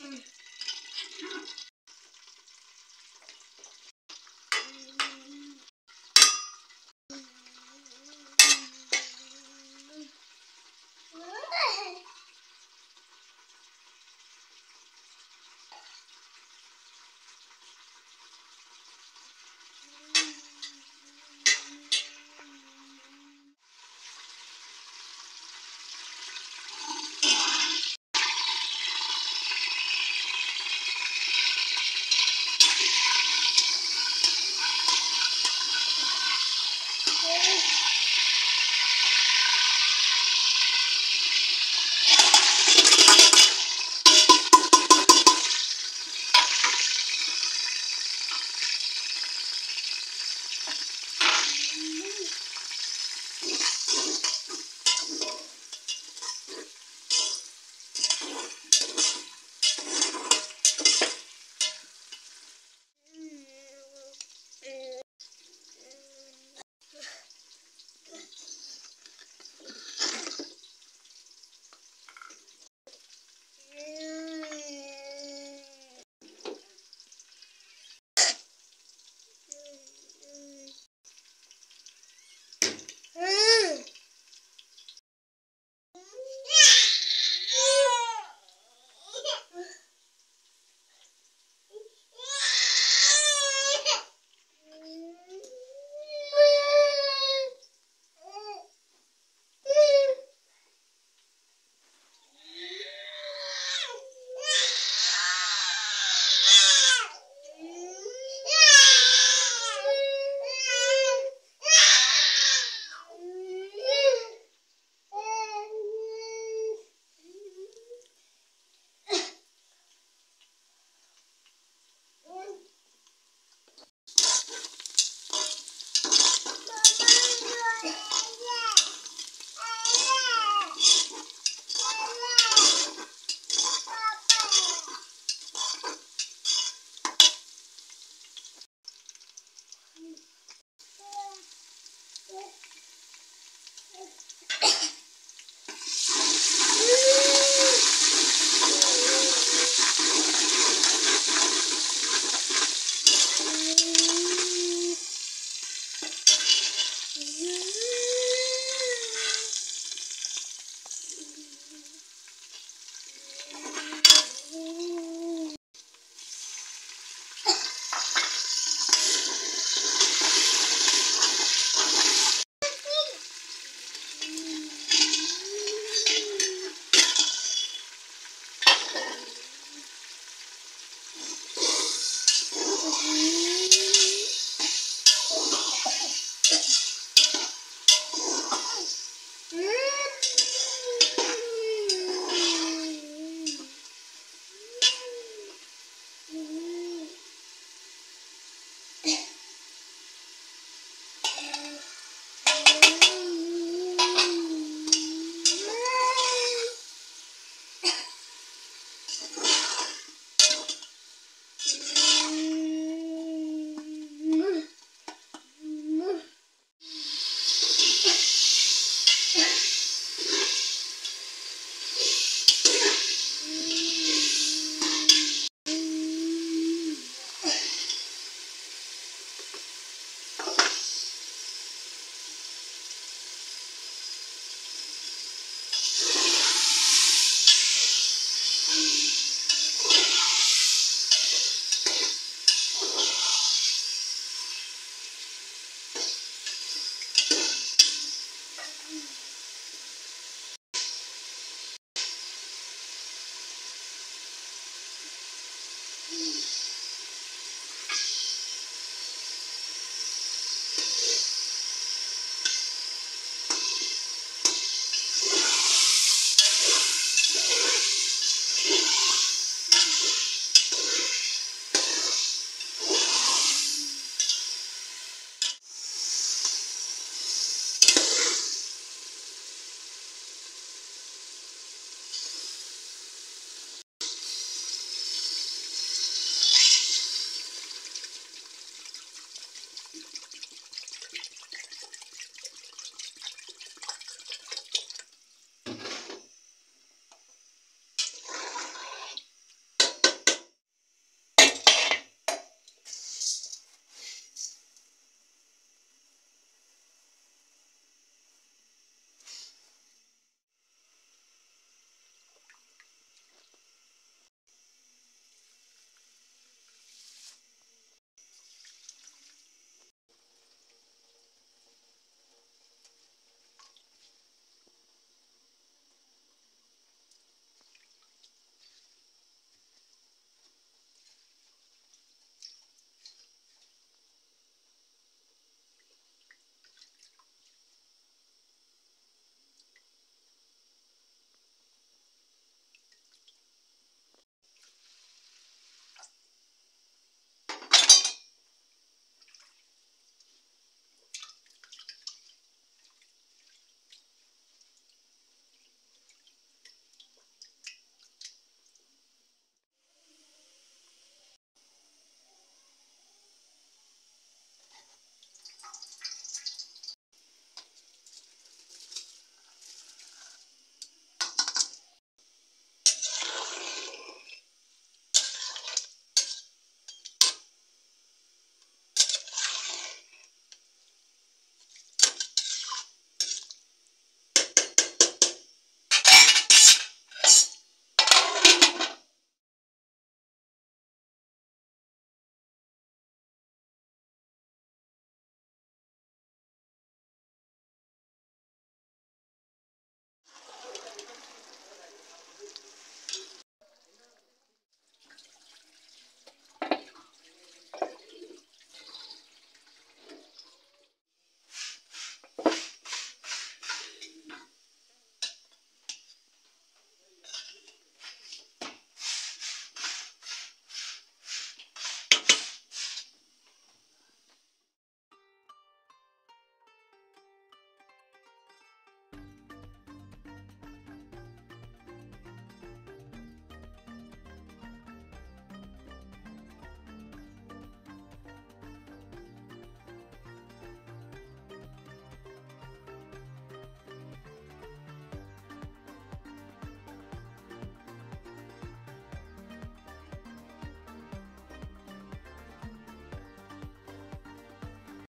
Mm.